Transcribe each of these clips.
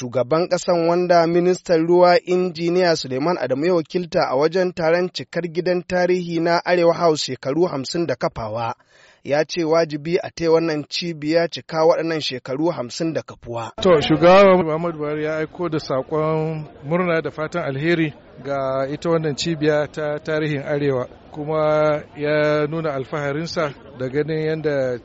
shugaban ƙasan wanda ministan ruwa injiniya Suleiman Adamu ya wakilta a wajen taron cikar gidan tarihi na Arewa House shekaru hamsin da kafawa, ya ce wajibi a ta wannan cibiya cika waɗannan shekaru hamsin da kafuwa. To, shugaba Muhammadu Buhari ya aiko da saƙon murna da fatan alheri ga ita wannan cibiya ta tarihin Arewa, kuma ya nuna alfaharinsa da ganin yadda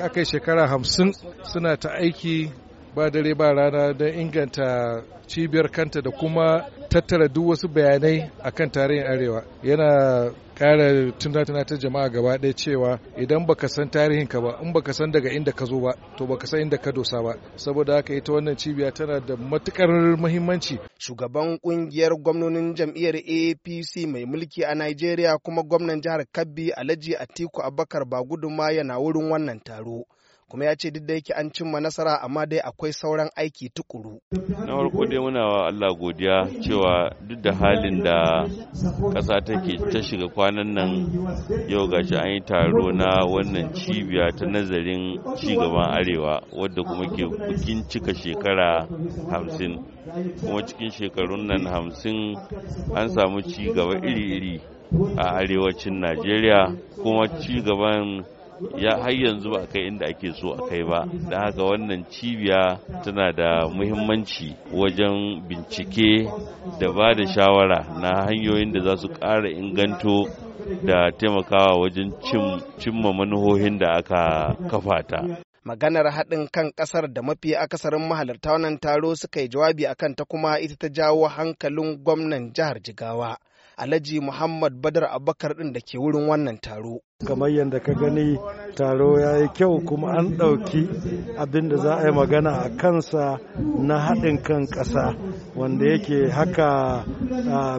a kai shekara hamsin suna ta aiki ba dare ba rana don inganta cibiyar kanta da kuma tattara duk wasu bayanai a kan tarihin arewa yana kara tunatuna ta jama'a gaba ɗaya cewa idan baka san tarihin ka ba in baka san daga inda ka zo ba to baka san inda ka dosa ba saboda haka ita wannan cibiya tana da matukar muhimmanci shugaban kungiyar gwamnonin jam'iyyar APC mai mulki a nigeria kuma gwamnan jihar Kabbi Alhaji Atiku Abubakar ba guduma yana wurin wannan taro kuma ya ce duk da yake an cimma nasara amma dai akwai sauran aiki tukuru. Na farko dai muna wa Allah godiya cewa duk da halin da ƙasa take ta shiga kwanan nan yau gashi an yi taro na wannan cibiya ta nazarin cigaban arewa wadda kuma ke bikin cika shekara hamsin kuma cikin shekarun nan hamsin an samu cigaba iri-iri a arewacin Najeriya kuma cigaban ya har yanzu ba kai inda ake so a kai ba da haka wannan cibiya tana da muhimmanci wajen bincike da ba da shawara na hanyoyin da za su ƙara inganto da taimakawa wajen cimma manuhohin da aka kafa ta maganar haɗin kan ƙasar da mafi akasarin mahalarta wannan taro suka yi jawabi akan ta kuma ita ta jawo hankalin gwamnan jihar jigawa Alhaji Muhammad Badar Abubakar din da ke wurin wannan taro. Kamar yadda ka gani taro ya yi kyau kuma an ɗauki abin da za a yi magana a kansa na haɗin kan ƙasa wanda yake haka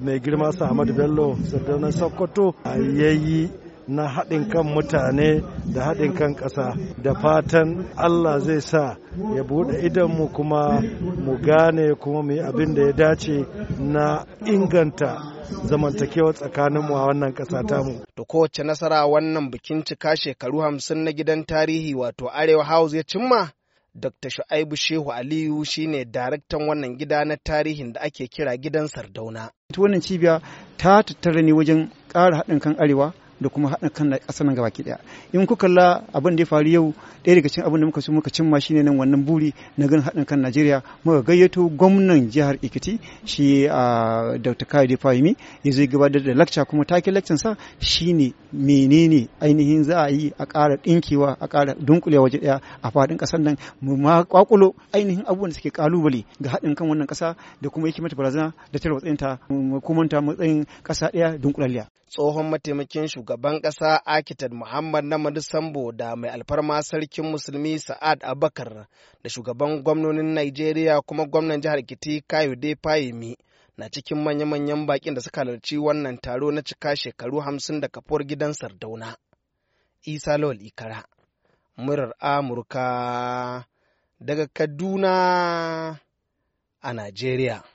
mai girma Ahmadu Bello Sardauna Sokoto ya yi na haɗin kan mutane da haɗin kan ƙasa da fatan Allah zai sa ya buɗe idanmu kuma mu gane kuma mu abin da ya dace na inganta zamantakewa tsakaninmu a wannan kasa tamu. Da kowace nasara wannan bikin cika shekaru hamsin na gidan tarihi wato Arewa House ya cimma? Dr. Shu'aibu Shehu Aliyu shine daraktan wannan gida na tarihin da ake kira gidan Sardauna. Wannan cibiya ta tattara ne wajen ƙara haɗin kan Arewa da kuma haɗin kan ƙasar nan gabaki ɗaya in kuka kalla abin da ya faru yau ɗaya daga cikin abin da muka so muka cimma shine nan wannan buri na ganin haɗin kan Najeriya muka gayyato gwamnan jihar Ekiti shi a Dr. Kayode Fahimi ya zai gabatar da lakca kuma take lakcin sa shine menene ainihin za a yi a ƙara ɗinkewa a ƙara dunkule waje ɗaya a faɗin ƙasar nan mu ma kwakulo ainihin abubuwan da suke kalubale ga haɗin kan wannan ƙasa da kuma yake mata barazana da tarwatsinta mu kuma matsayin ƙasa ɗaya dunkulalliya tsohon mataimakin shugaban ƙasa Akitat Muhammad na Sambo da mai alfarma sarkin musulmi Sa'ad Abakar da shugaban gwamnonin Najeriya kuma gwamnan jihar Kiti Kayode Fayemi na cikin manya-manyan bakin da suka halarci wannan taro na cika shekaru hamsin da kafuwar gidan Sardauna. Isa Lawal Ikara, murar Amurka daga Kaduna a Najeriya.